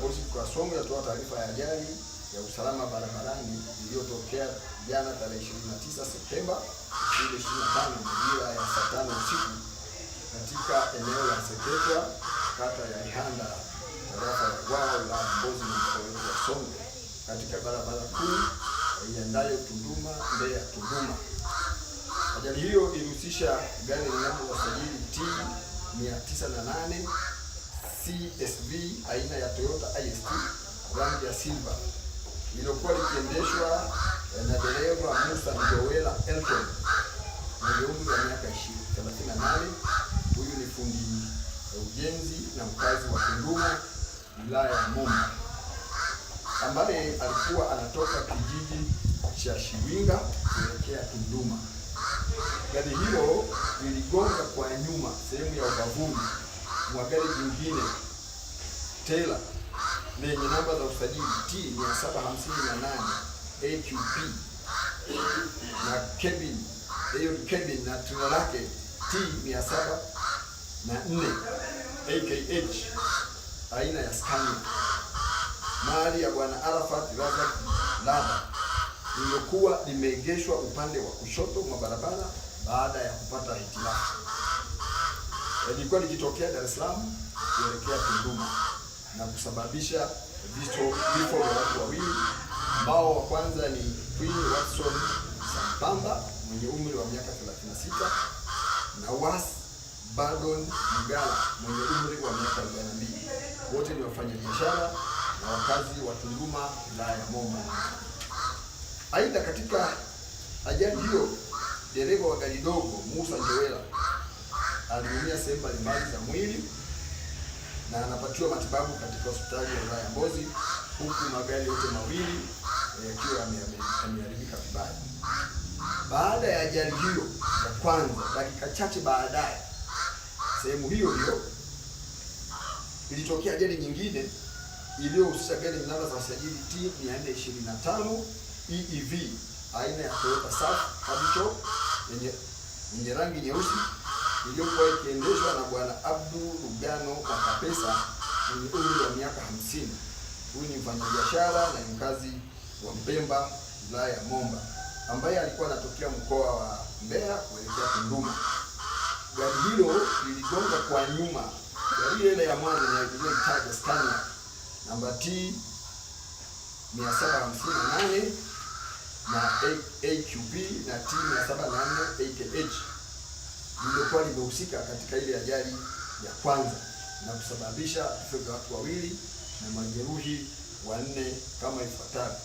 Polisi mkoa Songwe yatoa taarifa ya ajali ya usalama barabarani iliyotokea jana tarehe 29 Septemba 2025 majira ya saa tano usiku katika eneo la Seketwa kata ya Ihanda tarafa ya Bwawa la Mbozi mkoa wetu wa Songwe katika barabara kuu iendayo Tunduma Mbeya Tunduma. Ajali hiyo ilihusisha gari lenye namba ya usajili T 908 CSV aina ya Toyota IST rangi ya silver lilokuwa likiendeshwa eh, na dereva Musa Njowela Elton mwenye umri wa miaka 38. Huyu ni fundi eh, ujenzi na mkazi wa Tunduma wilaya ya Momba ambaye alikuwa anatoka kijiji cha Shiwinga kuelekea Tunduma. Gari hilo liligonga kwa nyuma sehemu ya ubavuni wa gari jingine tela lenye namba za usajili T 758 AQP na cabin hiyo cabin na tuna lake T 704 AKH aina ya Scania mali ya Bwana Arafat Razak Lada lililokuwa limeegeshwa upande wa kushoto mwa barabara baada ya kupata hitilafu. Nilikuwa nikitokea Dar es Salaam kuelekea Tunduma na kusababisha vifo vya watu wawili ambao wa kwanza ni Queen Watson Sampamba mwenye umri wa miaka 36 na Was Badon Mgala mwenye umri wa miaka 42. Wote ni wafanyabiashara na wakazi wa Tunduma wilaya ya Momba. Aidha, katika ajali hiyo dereva wa gari dogo Musa Njewe aliumia sehemu mbalimbali za mwili na anapatiwa matibabu katika hospitali ya wilaya ya Mbozi, huku magari yote mawili eh, yakiwa yameharibika vibaya. Baada ya ajali hiyo ya kwanza, dakika chache baadaye, sehemu hiyo hiyo ilitokea ajali nyingine iliyohusisha gari namba za usajili T 425 EEV aina ya Toyota Surf Cabrio yenye rangi nyeusi iliyokuwa ikiendeshwa na Bwana Abdu Lugano Kakapesa mwenye umri wa miaka hamsini. Huyu ni mfanyabiashara na ni mkazi wa Mpemba wilaya ya Momba ambaye alikuwa anatokea mkoa wa Mbeya kuelekea Tunduma. Gari hilo liligonga kwa nyuma gari ile ya mwanzo inayoitwa Scania namba T 758 na AQB na T 784 AKH lilikuwa limehusika katika ile ajali ya kwanza na kusababisha vifo vya watu wawili na majeruhi wanne kama ifuatavyo.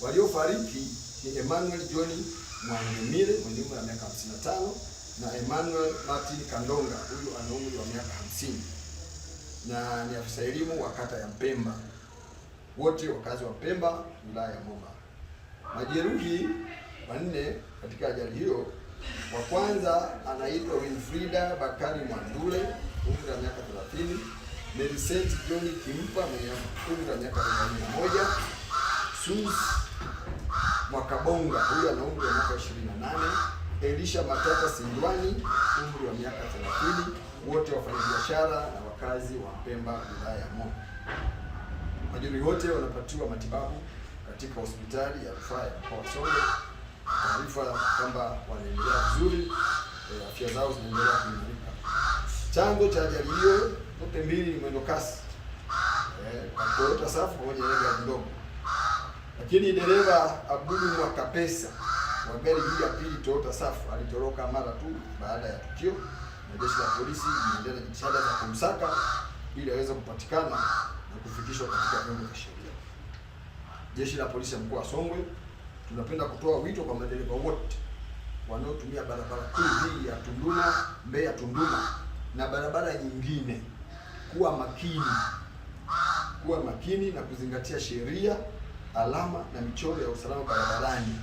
Waliofariki ni Emmanuel John Mwangemile mwenye umri wa miaka 55 na Emmanuel Martin Kandonga huyu ana umri wa miaka 50 na ni afisa elimu wa kata ya Mpemba, wote wakazi wa Mpemba wilaya ya Moba. Majeruhi wanne katika ajali hiyo wa kwanza anaitwa Winfrida Bakari Mwandule, umri wa miaka 30, Melisent John Kimpa mwenye umri wa miaka 41, Sus Mwakabonga huyu ana umri wa miaka 28, Elisha Matata Sindwani umri wa miaka 30, wote wafanyabiashara na wakazi wa Pemba wilaya ya Mo. Majeruhi wote wanapatiwa matibabu katika hospitali ya rufaa ya mkoa wa Songwe taarifa kwamba wanaendelea vizuri, e, afya zao zinaendelea kuimarika. Chanzo cha ajali hiyo zote mbili ni mwendo kasi eh, kwa Toyota Safu pamoja na gari ndogo, lakini dereva Abdulu Mwakapesa wa gari hii ya pili Toyota Safu alitoroka mara tu baada ya tukio, na jeshi la polisi linaendelea na jitihada za kumsaka ili aweze kupatikana na kufikishwa katika vyombo vya sheria. Jeshi la polisi ya mkoa wa Songwe tunapenda kutoa wito kwa madereva wote wanaotumia barabara kuu hii ya Tunduma Mbeya Tunduma na barabara nyingine kuwa makini, kuwa makini na kuzingatia sheria, alama na michoro ya usalama barabarani,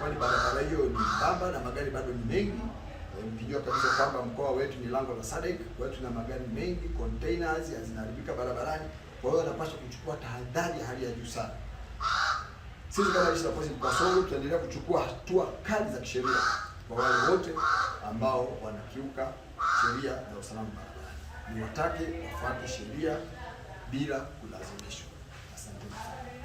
kwani barabara hiyo ni baba na magari bado ni mengi, eh, mkijua kabisa kwamba mkoa wetu ni lango la SADC, kwa hiyo tuna magari mengi, containers zinaharibika barabarani. Kwa hiyo anapaswa kuchukua tahadhari ya hali ya juu sana. Sisi kama Jeshi la Polisi Mkwasogo tutaendelea kuchukua hatua kali za kisheria kwa wale wote ambao wanakiuka sheria za usalama barabarani. Niwatake wafuate sheria bila kulazimishwa. Asante.